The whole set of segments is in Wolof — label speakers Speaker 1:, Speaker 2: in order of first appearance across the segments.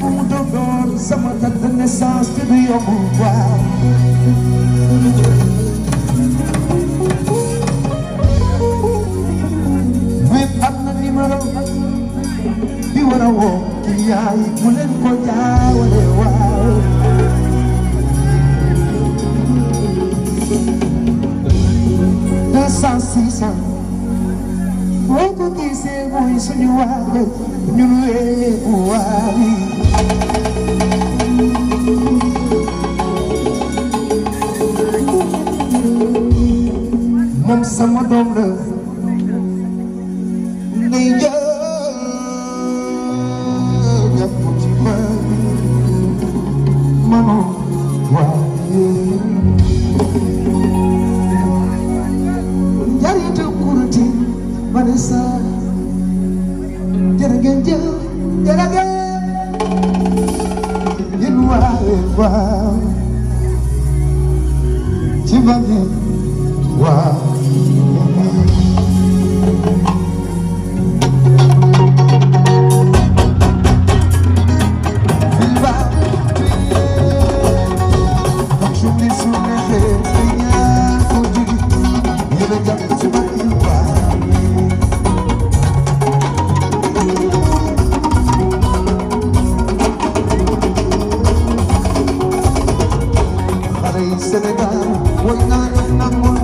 Speaker 1: te bu mu sama date de naissance te du yomb waaw. web am na bi war a woo client yi bu leen ko jaawale waaw. deux cent six cent. boo ko gisee mooy suñu waa moom sama doom Sénégal woy naa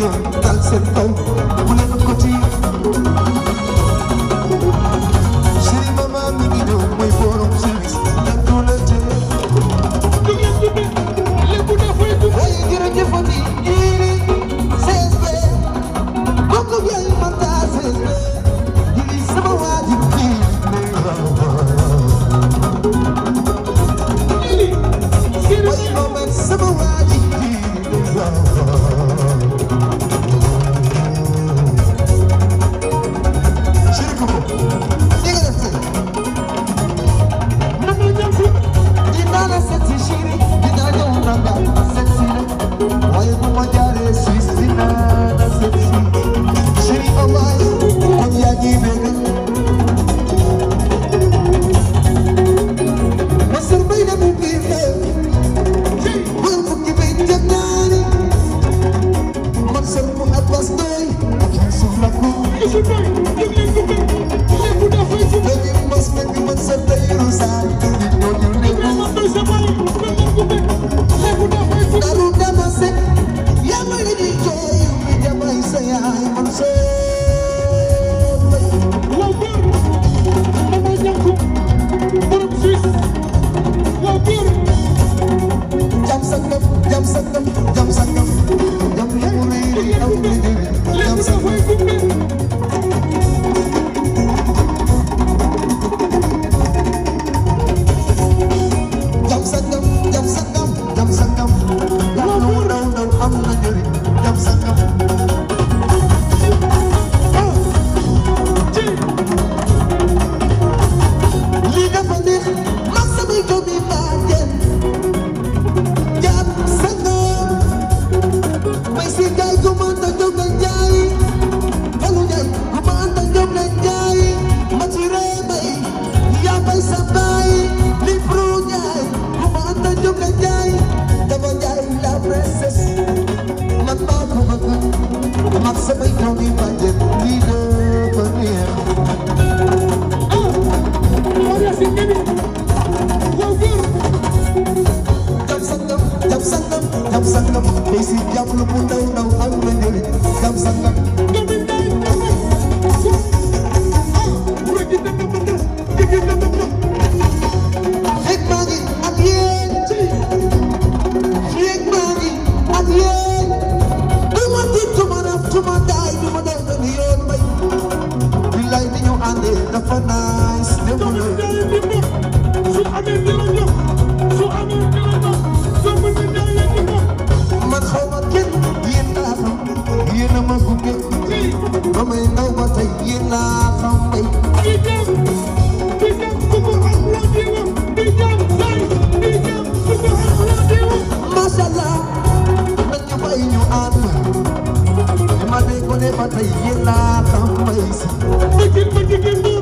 Speaker 1: ñaan dal seen kaw Look at the dafa nice déglu leen su amee dina ñëw su amee dina ñëw soo ko mën a leen di ñëw. man xaw ma kenn yéen laa xam yéen a ma gunge ba may ndaw ba tey yéen laa xam bay. macha allah nañu bay ñu ànd. ma ne ko ne ba tey yéen laa xam bay si.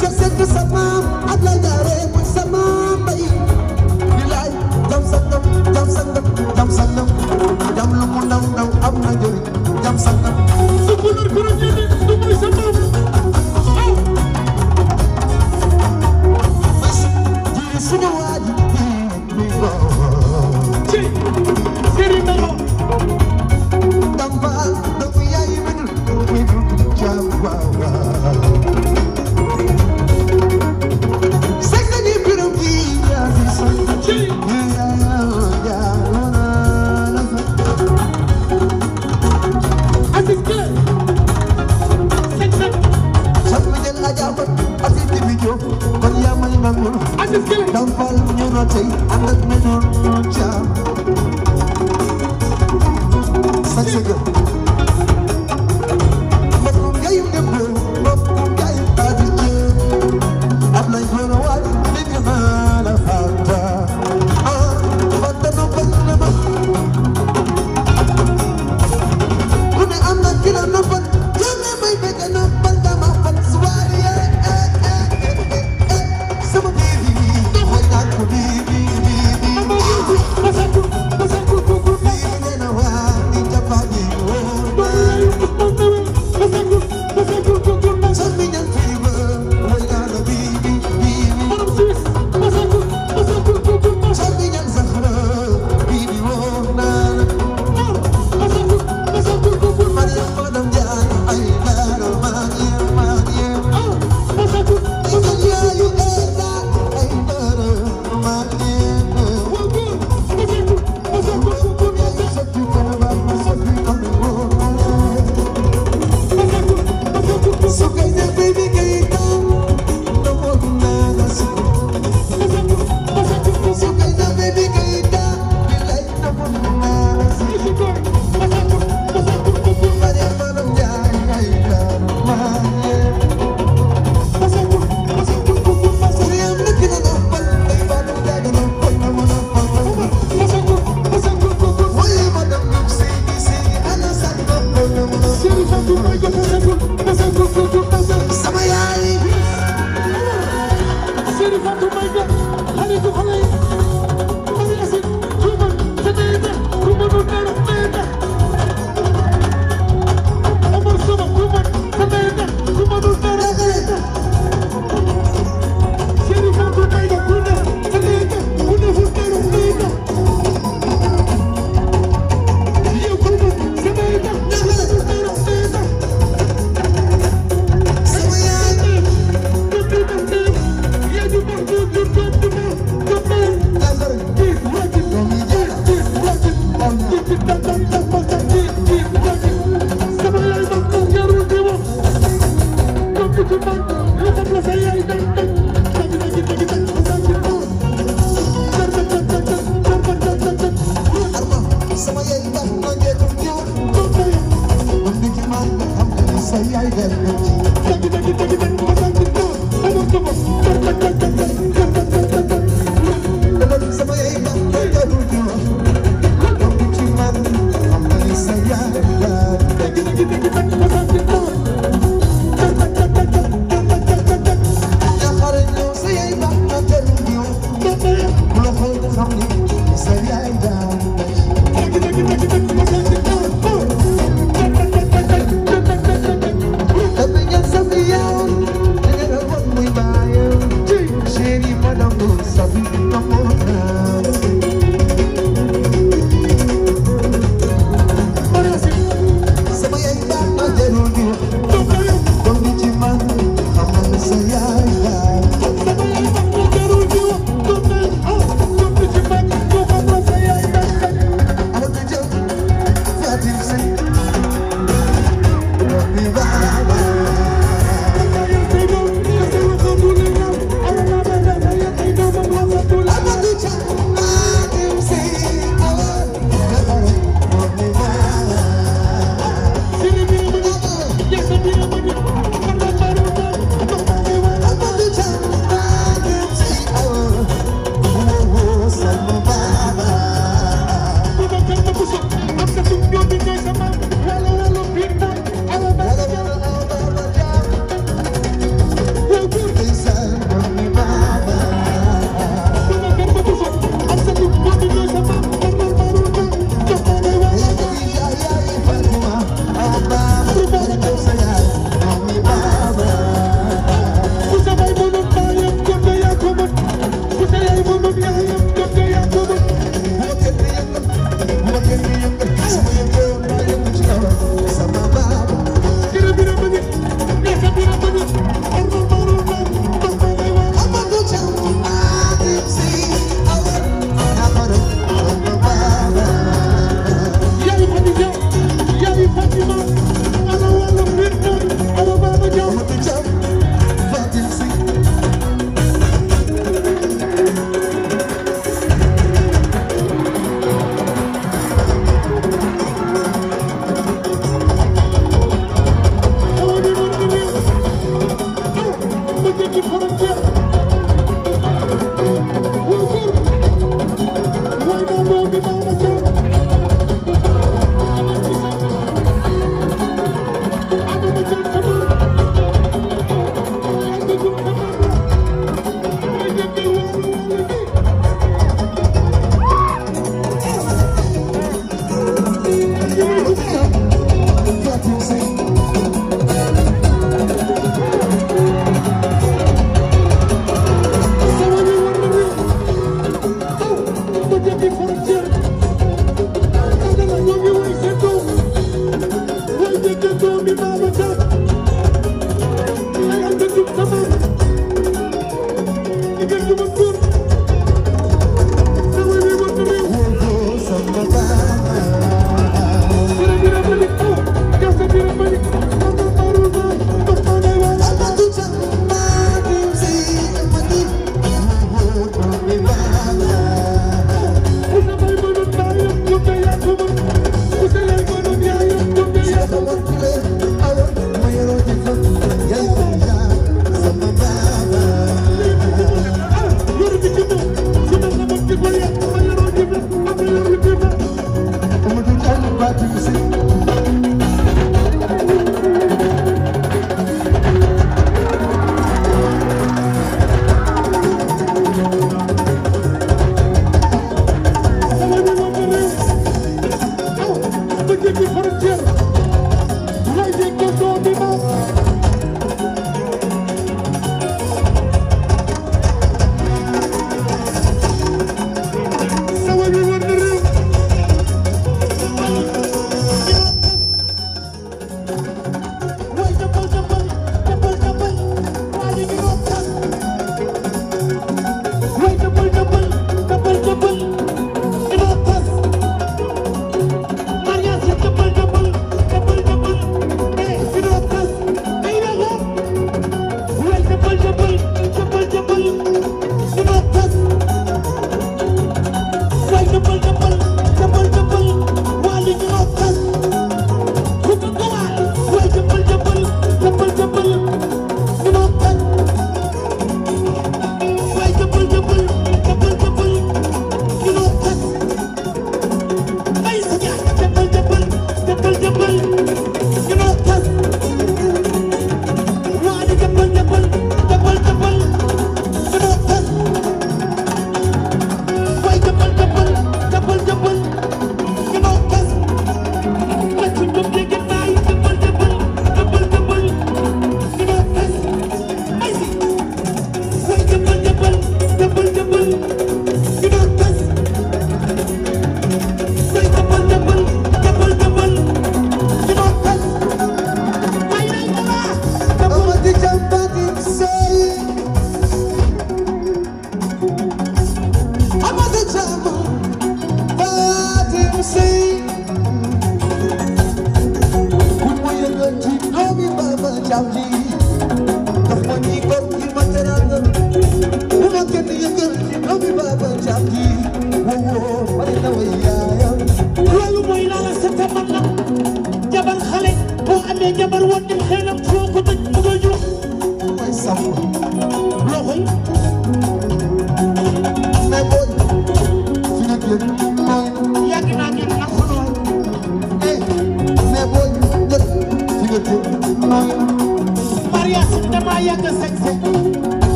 Speaker 1: Just set this up, mom. I'd like that.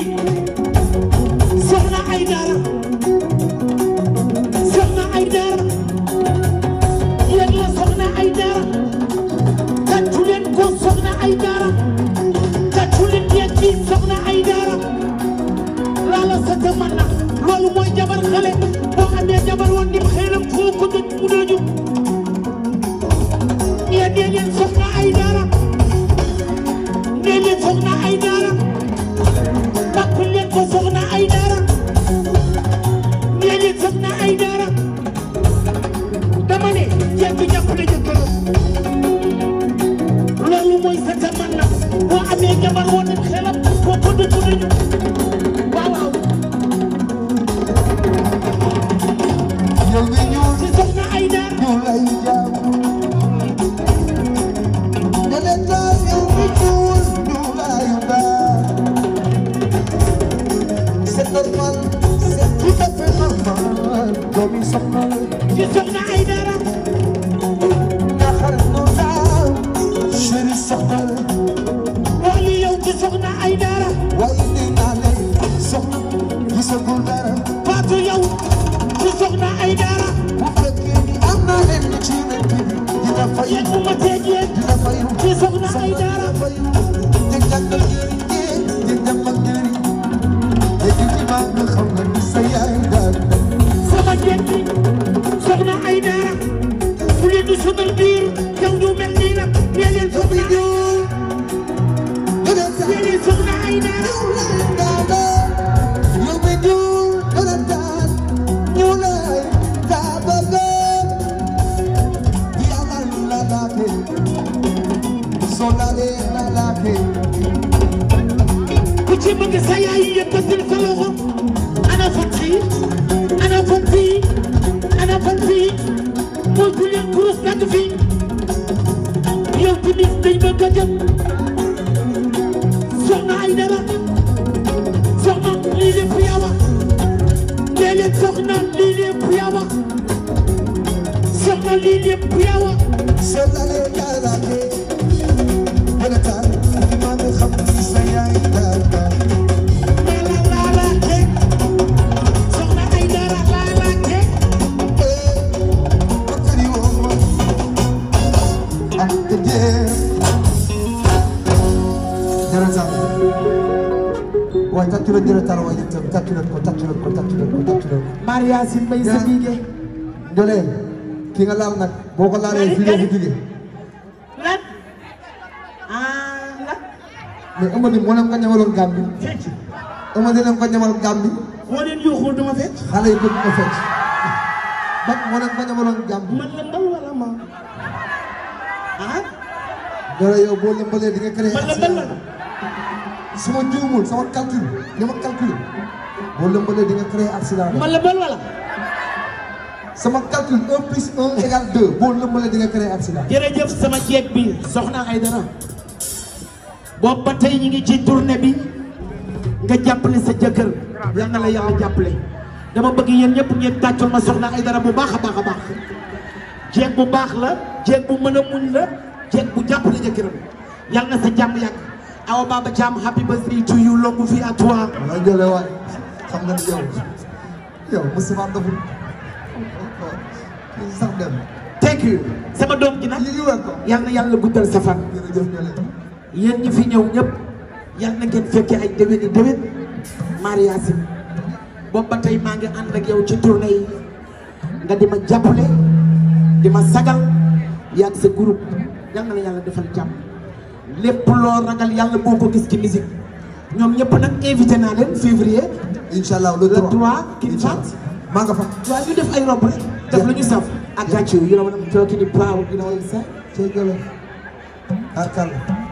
Speaker 1: Thank you. soxna waaye tàccu leen jërëjëf waaye yéen itam tàccu leen ko tàccu leen ko tàccu leen ko tàccu leen ko. Maria Sy Mbaye sa biige. Ndole. ki nga laal nag boo ko laalee fii la fi jógee. lan ah lan. mais Amady moo leen ko ñamaloon Gàmbi. fecc. Amady leen ko ñamal fecc. xale yi bëgg nga fecc. bat moo leen ko ñamaloon Gàmbi. yow boo lëmbalee di nga créé. man la ndaw ah? la su ma juumul bal wala. sama calcul 1 plus 1 égale 2 boo lëmbalee di nga créé accident. jërëjëf sama jeeg bi soxna ay boobu ba tey ñu ngi ci tournée bi nga jàppale sa jëkkër yal na la yàlla jàppale dama bëgg yéen ñëpp ngeen tàccul ma soxna Aydara bu baax a baax a baax jeeg bu baax la jeeg bu mën a muñ la jeeg bu jàppale jëkkëram yal na sa jàmm yàgg awa baba jàmm happy birthday to you longu fi à toi. waaw thank you sama doom ji nag yal na yàlla guddal sa fan yéen ñi fi ñëw ñëpp yal na ngeen fekkee ay déwéni déwén mariage boobu ba tey maa ngi ànd ak yow ci tournée yi nga di ma jàppale di ma sagal yaag sa groupe yal na yàlla defal jàmm lépp loo ragal yàlla boo ko gis ci musique ñoom ñëpp nag invité naa leen février. incha allah le 3 le maa nga fa. waaw ñu def ay rob rek. def lu ñu saf. I got you. You know what I'm talking about. You know what I'm saying?